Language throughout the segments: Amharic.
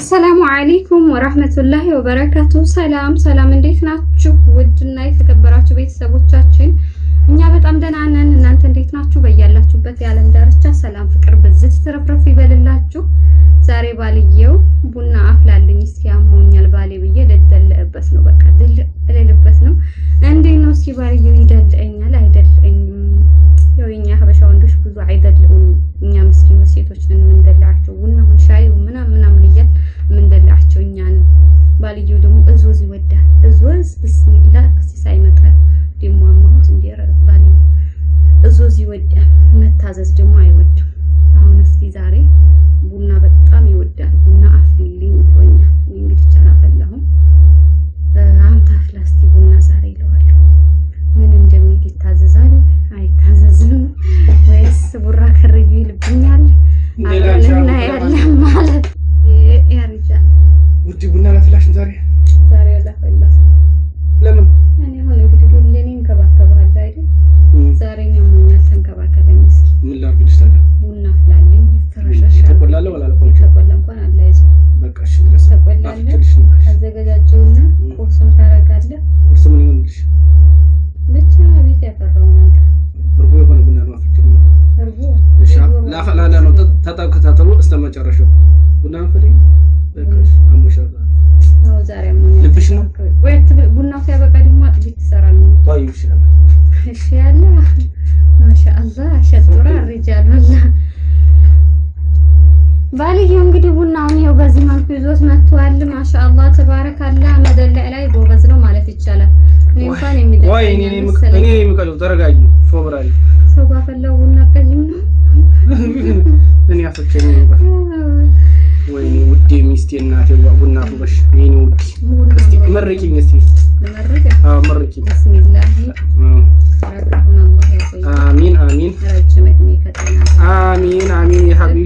አሰላሙ አለይኩም ወራህመቱላሂ ወበረካቱ። ሰላም ሰላም፣ እንዴት ናችሁ? ውድና የተከበራችሁ ቤተሰቦቻችን እኛ በጣም ደህና ነን። እናንተ እንዴት ናችሁ? በያላችሁበት የዓለም ዳርቻ ሰላም፣ ፍቅር ብዝት ትረፍረፍ ይበልላችሁ። ዛሬ ባልየው ቡና አፍላልኝ እስኪ አሞኛል ባሌ ብዬ ደደልበት የእግዚአብሔር ባል እዞዝ ይወዳል፣ መታዘዝ ደግሞ አይወድም። አሁን እስኪ ዛሬ ቡና በጣም ይወዳል። ቡና አፍልልኝ ብሎኛል። እንግዲህ ቻላፈላሁም አንተ አፍላ እስኪ ቡና ዛሬ ይለዋለሁ። ምን እንደሚል ይታዘዛል አይታዘዝም፣ ወይስ ቡራ ከርዩ ይልብኛል? አሁን እናያለን ማለት ቁርሱም ታደርጋለህ። ቁርሱ ምን ይሆንልሽ? ብቻ ቤት ያፈራው ነገር እርጎ የሆነ ቡና ነው። እርጎ ላፈላላ ነው። ተከታተሉ እስከ መጨረሻው። ቡና እንፈልግ ልብሽ ነው ወይ? ሲያበቃ ደግሞ አጥቢት ትሰራለህ። ታዩ እሺ፣ ያለ ማሻአላህ ሸጡራ ሪጃል ባልየው እንግዲህ ቡናውን ይኸው በዚህ መልኩ ይዞት መጥቷል። ማሻአላህ ተባረካላ። መደለ ላይ ጎበዝ ነው ማለት ይቻላል። እንኳን እኔ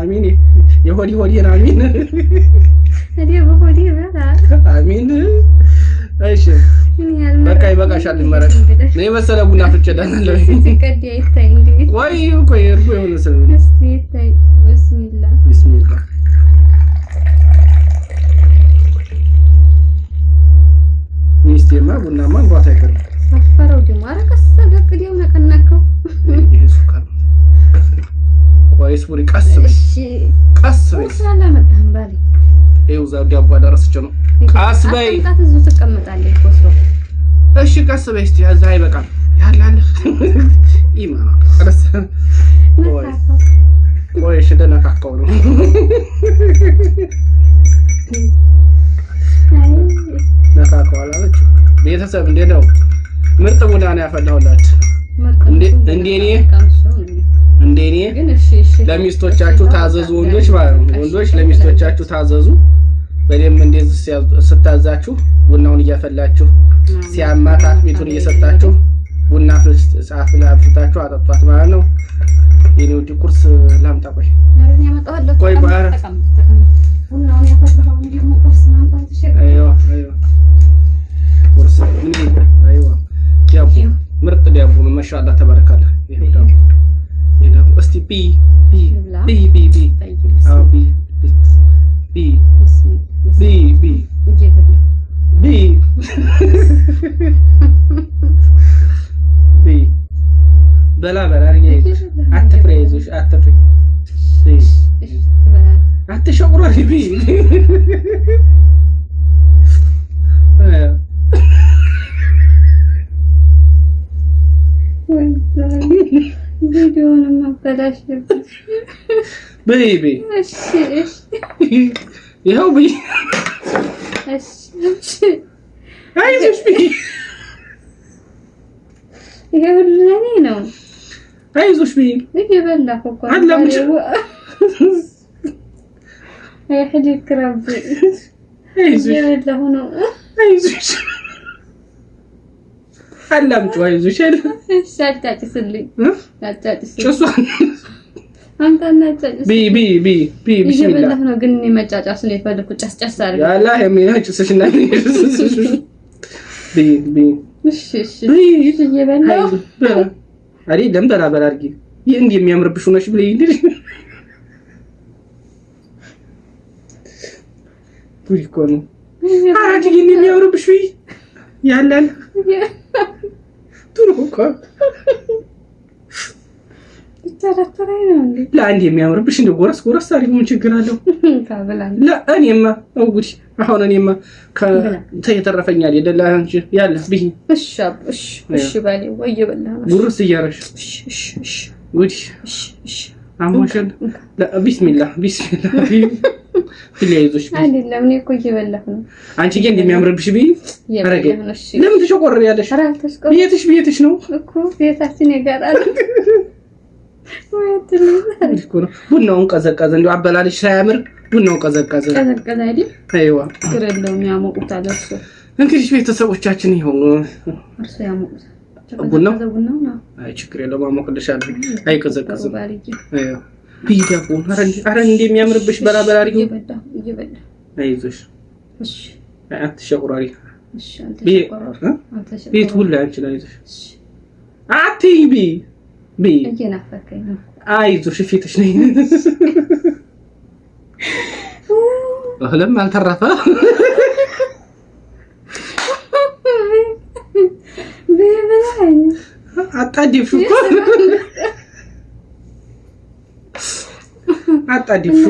አሚን የሆዴ ሆዲ አሚን አሚን። እሺ በቃ ይበቃሻል። ልመረቅ እኔ የመሰለ ቡና አፍልቼልሻለሁ። ወይ ቆይ እርጎ የሆነ ስለ ቢስሚላ ሚስቴማ ቡናማ እንኳን አይቀርም ይኸው እዛ ዳቦ አደረሰች ነው። ቀስ በይ እሺ፣ ቀስ በይ እስኪ እዛ አይበቃም ያላል ደነካካው ነው ነካካው አላለችው። ቤተሰብ እንዴት ነው? ምርጥ ቡና ነው ያፈላሁላችሁ። እንደ እኔ ለሚስቶቻችሁ ታዘዙ። ወንዶች ወንዶች ለሚስቶቻችሁ ታዘዙ። በደንብ እንደዚህ ስታዛችሁ ቡናውን እያፈላችሁ ሲያማት አጥሚቱን እየሰጣችሁ ቡና አፍልታችሁ አጠጧት ማለት ነው። የኔ ውድ ቁርስ ላምጣ። ቆይ ቆይ ቆይ شاء الله إيه، تبارك الله ينام بي بي بي بي بي بي آه، بي بي بي بي بي بلا بلا اتفري ايش اتفري بي حتى شعور بي يقولون ما بلاش بيبي ايش ايش يا هوبي ايش عايز ايش بيه يقول لنينو عايز ايش بيه بيجي بلا فوق عدلا مش هاي حجي كرابي عايز ايش عايز ايش አላምጪው፣ አይዞሽ አታጭስልኝ። እየበላሁ ነው ግን መጫጫሱ ነው በላ በላ አድርጊ። ይህ እንዲህ የሚያምርብሽ ሆነሽ ብለይ ጉድ እኮ ነው። ኧረ እንዲህ የሚያምርብሽ ያለን ጥሩ እኮ ለአንድ የሚያምርብሽ እንደ ጎረስ ጎረስ አሪፍ ምን ችግር አለው? እኔማ እንግዲህ አሁን እኔማ የተረፈኛል የለ አንቺ ያለ ብይ ጉርስ እያረሽ ጉዲ አሞሸን ቢስሚላ ቢስሚላ ትለያይዞች ይዞሽ አይደለም። እኔ እኮ እየበላሁ ነው። አንቺ ግን እንደሚያምርብሽ ብይ። ለምን ትሾቆር ያለሽ? ቤትሽ ቤትሽ ነው እኮ ቤታችን የጋራ ነው። ቡናውን ቀዘቀዘ። እንደው አበላልሽ ሳያምር ቡናው ቀዘቀዘ። ቀዘቀዘ አይደል? አይዋ ግረለው ያሞቁታል። እርሱ እንግዲህ ቤተሰቦቻችን ይሁን እርሱ ያሞቁታል። ቡናው ቡናው ነው። አይ ችግር የለውም አሞቅልሻለሁ። አይቀዘቀዝም። አይዋ ብይ ዳቦ አረ እንዴ የሚያምርብሽ አይዞሽ አትሸቁራሪ ቤት ሁላ አይዞሽ አትይ አይዞሽ ፊትሽ እህልም አልተረፈ እኮ አታዲፉ።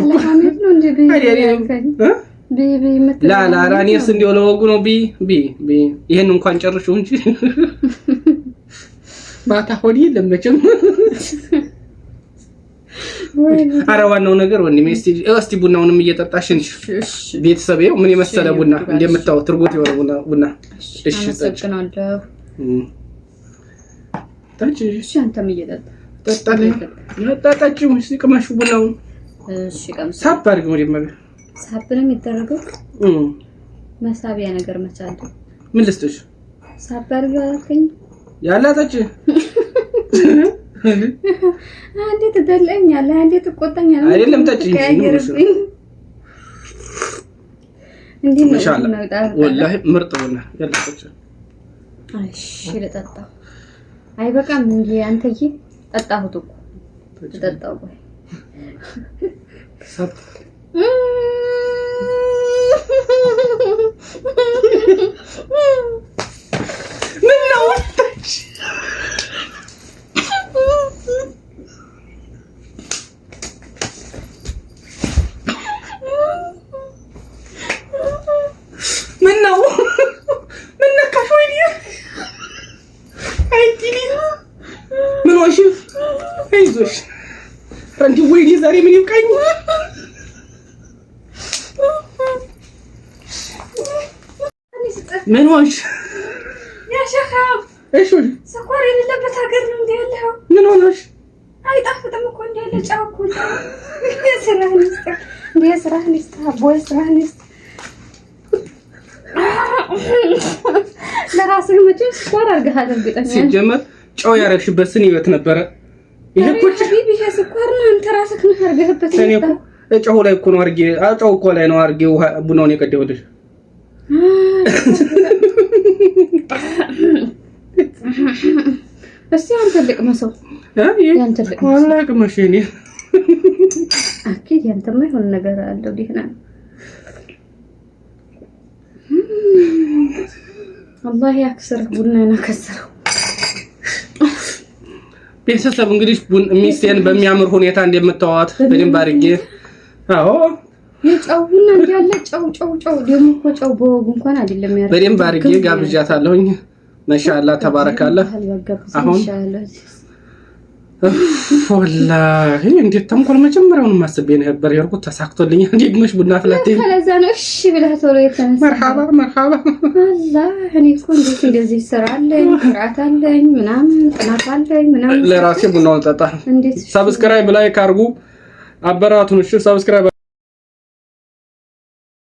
ላላ እኔስ እንዲያው ለወጉ ነው። ቢ ቢ ቢ ይሄን እንኳን ጨርሹ እንጂ ማታ ሆድ የለም መቼም። አረ ዋናው ነገር ወንድሜ እስቲ ቡናውንም እየጠጣሽን ቤተሰብ ይኸው ምን የመሰለ ቡና እንደምታወት ትርጉት የሆነ ቡና ቡና። እሺ አመሰግናለሁ። ጠጪ። እሺ አንተም እየጠጣ ጠጣለህ። ጠጣችሁ ቅመሹ ቡናውን ሳብ አድርገው መጀመሪያ ሳብ ነው የሚደረገው። መሳቢያ ነገር መቻል ምን ልስጥሽ? ሳብ አድርገው አላልከኝ ያላጠች አንዴ ትደለኛለህ፣ አንዴ ትቆጣኛለህ። አይደለም ጠጪ ምርጥ ቡና ያላጠች። እሺ ልጠጣው። አይበቃም እንጂ አንተዬ፣ ጠጣሁት እኮ ልጠጣው። ቆይ さて。うーん。みんな終わったし。እንዲ ወይኔ ዛሬ ምን ይብቃኝ። ምን ሆንሽ? ስኳር የሌለበት ሀገር ነው እንዲ ያለው። ምን ሆነሽ? አይጣፍጥም እኮ እንዲ ያለ ጫው እኮ ስራህን ይስጥ ቦይ፣ ስራህን ይስጥ ለራስህ መቼም ስኳር አድርገሃል። ሲጀመር ጨው ያረግሽበት ስን ይበት ነበረ ጨው ላይ እኮ ነው አድርጌ ጨው እኮ ላይ ነው አድርጌ ቡናውን የቀደውልሽ። እስቲ አንተ ልቅመሰው። አንተ ልቅመሽ። እኔ አኪድ ያንተማ የሆነ ነገር አለው ዲህና አላህ ያክስርህ ቡና ከሰረው ቤተሰብ እንግዲህ ሚስቴን በሚያምር ሁኔታ እንደምታዋት በደንብ አድርጌ አዎ ቡና እንዳለ ጨው ጨው ጨው ደግሞ እኮ ጨው በወጉ እንኳን አይደለም ያረገ በደንብ አድርጌ ጋብዣታለሁኝ። ማሻአላ ተባረካለህ አሁን ወላሂ እንዴት ተንኮል መጀመሪያውን አስቤ ነበር የሄድኩት፣ ተሳክቶልኝ። እንዴት ቡና ፍላቴ ከለዛ ነው። እሺ ብለህ ቶሎ የተነሳ መርሐባ መርሐባ። እኔ እኮ እንዴት እንደዚህ ስራ አለኝ፣ ስርዓት አለኝ፣ ምናምን ጥናት አለኝ ምናምን። ለራሴ ቡናውን ጠጣ። ሰብስክራይብ ላይ ካርጉ አበራቱን። እሺ ሰብስክራይብ